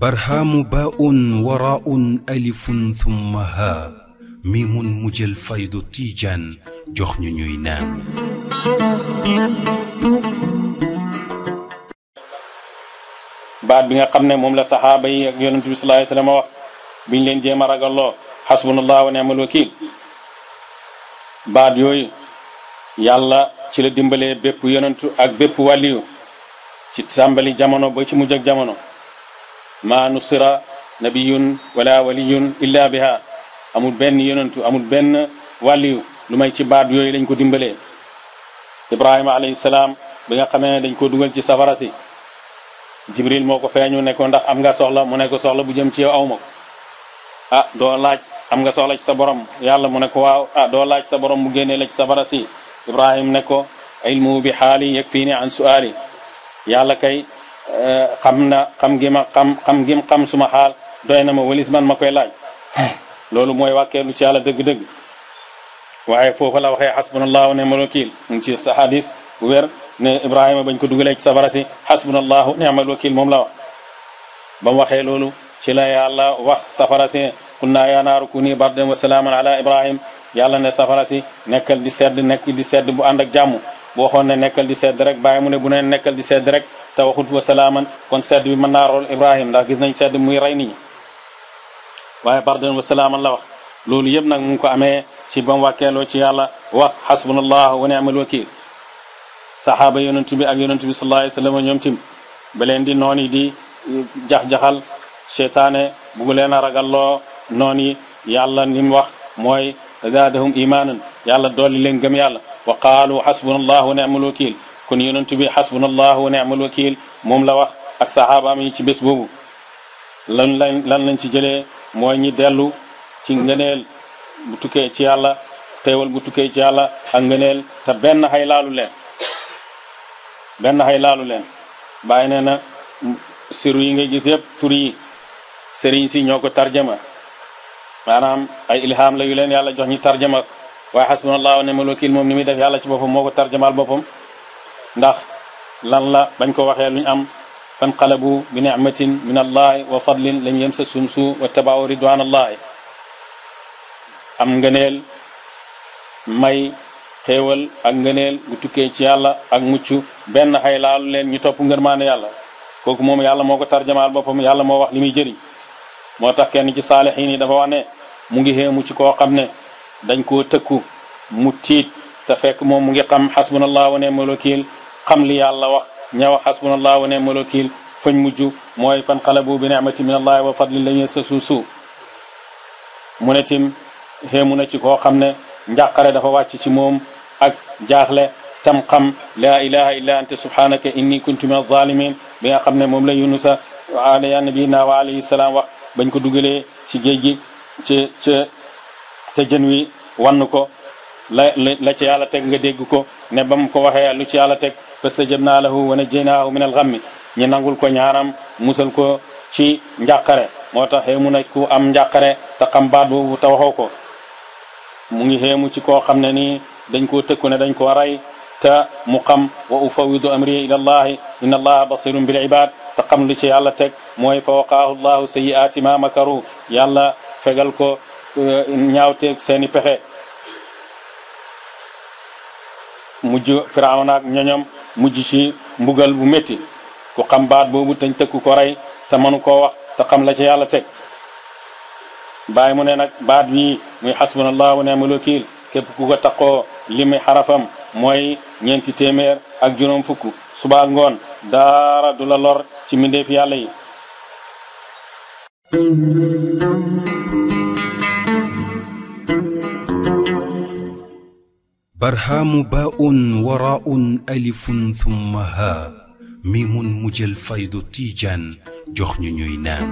barhaamu baa'un waraa'un alifun thumma haa miimun mu jël faydu tiijaan jox ñu ñuy naan. bi nga xam ne moom la saxaaba yi ak yonent bi sallallaahu alayhi wa sallam wax biñ leen jéem a ragalloo xasbunallaahu wa ni'mal wakiil baat yooyu yàlla. ci la dimbale bépp yonentu ak bépp wàlliyu ci tàmbali jamono ba ci mujj ak jamono maa nusira nabiyun wala waliyun illa biha amul benn yonentu amul benn wàlliyu lu may ci baat yooyu lañ ko dimbale ibrahima alayhi salaam nga xamee ne dañ ko dugal ci safara si jibril moo ko feeñu ne ko ndax am nga soxla mu ne soxla bu jëm ci yow aw ma ah doo laaj am nga soxla ci sa borom yàlla mu ne ko waaw ah doo laaj sa borom mu génnee la ci safara si ibrahim ne ko ilmuhu bi xaali yakfini an suali yàlla kay eh, xam na xam gi ma xam xam gim xam suma xaal doy na ma walis man ma koy laaj loolu mooy wàkkeelu ci yàlla dëgg-dëgg waaye foofu la waxee xasbunallahu ni'mal wakil mu ngi ci hadis bu wér ne ibrahima bañ ko dugalee ci safara si xasbunallahu ni'mal wakil moom la wax ba mu waxee loolu ci la yàlla wax safara si qul naa yaa naaru kuni bardan wa salaaman ala ibrahim yàlla ne safara si nekkal di sedd nekk di sedd bu ànd ak jàmm boo waxoon ne nekkal di sedd rek baay mu ne bu ne nekkal di sedd rek te waxut wa salaaman kon sedd bi mën naa rool Ibrahim ndax gis nañ sedd muy rey nit ñi waaye pardon wa salaaman la wax loolu yëpp nag mu ko amee ci ba mu wàkkeeloo ci yàlla wax xasbunallah wa ni'mal wakiil saxaaba yonent bi ak yonent bi sallallahu alayhi wa sallam ñoom tim ba di noon yi di jax-jaxal seytaane bugu leen a ragalloo yi yàlla ni wax mooy a zaadahum imaanan yàlla dolli leen gëm yàlla wa qaalu xasbuna allah wa ni'mal wakil kon yonent bi xasbuna allah wa ni'mal wakil moom la wax ak saxaabaam yi ci bés boobu lan lañ lan lañ ci jëlee mooy ñi dellu ci ngëneel bu ci yàlla xéewal bu tukkee ci yàlla ak ngëneel te benn xay laalu leen benn xay laalu leen na siru yi nga gis yëpp tur si ñoo ko tarjama maanaam ay ilham la yu leen yàlla jox ñi tarjama waaye xasbunallahu wa ni'mal wakiil moom ni muy def yàlla ci boppam moo ko tarjamaal boppam ndax lan la bañ ko waxee luñ am fanqalabu bi ni'matin min allahi wa fadlin lañ yem sa sumsu wa tabaaw ridwan allahi am ngëneel may xéewal ak ngëneel gu tukkee ci yàlla ak mucc benn xay laalu leen ñu topp ngërmaane yàlla kooku moom yàlla moo ko tarjamaal boppam yàlla moo wax li muy jëriñ motax tax kenn ci salihin dafa wax ne mu ngi heemu ci koo xam ne dañ koo tëkku mu tiit te fekk moom mu ngi xam xasbunallah wa ni'mal wakiil xam li yàlla wax ñaw xasbunallah wa ni'mal wakiil fañ mujj mooy fan xalabu bi ni'mati min allah wa fadlin la ñuy sa suusu mu ne tim xéemu na ci koo xam ne njàqare dafa wàcc ci moom ak jaaxle tam xam la ilaha illa anta subhanaka inni kuntu min alzalimin bi nga xam ne moom la yunusa ala nabiina wa alayhi salaam wax bañ ko dugale ci géej gi ci ci te jën wi wann ko la la ci yàlla teg nga dégg ko ne ba mu ko waxee lu ci yàlla teg fa sajab naa lahu wa najaynaahu min alxam mi ñu nangul ko ñaaram musal ko ci njàqare moo tax xéemu na ku am njàqare te xam baat boobu te waxoo ko mu ngi xéemu ci koo xam ne nii dañ koo tëkku ne dañ koo rey te mu xam wa ufawidu amri ila allahi inna allaha bil ibad te xam lu ci yàlla teg mooy fa waqaahu llahu sayyiaati ma makaru yàlla fegal ko eh, ñaawteeg seeni pexe mujj firawna ak ñoñom mujj ci mbugal bu metti ku xam baat boobu tañ tëkku ko rey te mënu koo wax te xam la ci yàlla teg bàyyi mu ne nag baat bii muy xasbunallahu wa ni'mal wakiil képp ku ko takkoo limi xarafam moy ñenti témèr ak juróom fukk suba ngon dara du la lor ci mindeef yàlla yi برهام باء وراء ألف ثم ها ميم مجل فيض تيجان جخن نينان